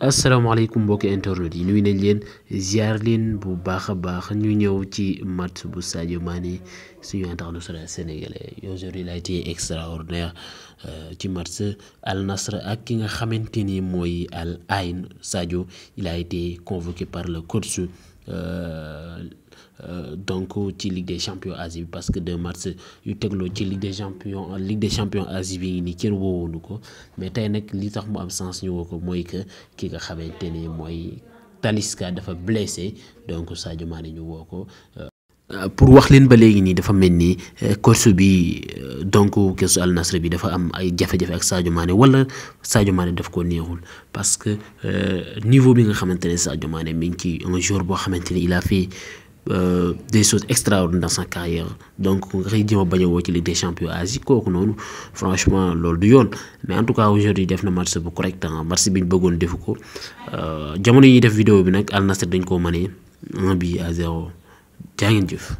السلام عليكم بوك انترنت نوي نلين زيارلين بو باخ باخ نيو نيو تي مات بو ساديو ماني سيو انترناسيونال سينيغالي يوزوري لا تي اكسترا اوردينير تي مات النصر اك كيغا خامتيني موي ال ساديو الى ايتي كونفوكي بار لو Euh, euh, donc ci ligue des champions Asie parce que deux matchs yu tegloo ci ligue des champions ligue des champions Asie bi nii kenn woowoonu ko mais tay nak li tax mu am sens ñu woko moy que ki nga xamante ni mooy Talisca dafa blessé donc Sadio Mané ñu woko ko. Euh, pour wax leen ba légui ni dafa melni course bi donc keesu Al Nasr bi dafa am ay jafé jafé ak Sadio Mané wala Sadio Mané daf ko neexul parce que euh, niveau bi nga xamante Sadio Mané mi ngi ci un jour bo xamante il a fait euh, des choses extraordinaires dans sa carrière donc on koy jéem a bañ ci Ligue des Champions Asie kooku franchement loolu du mais en tout cas aujourd'hui def match bu correct hein. match bi ñu bëggoon defu ko euh, jamono yi def vidéo bi nag Al Nasr dañ koo mënee 1 à 0 tiens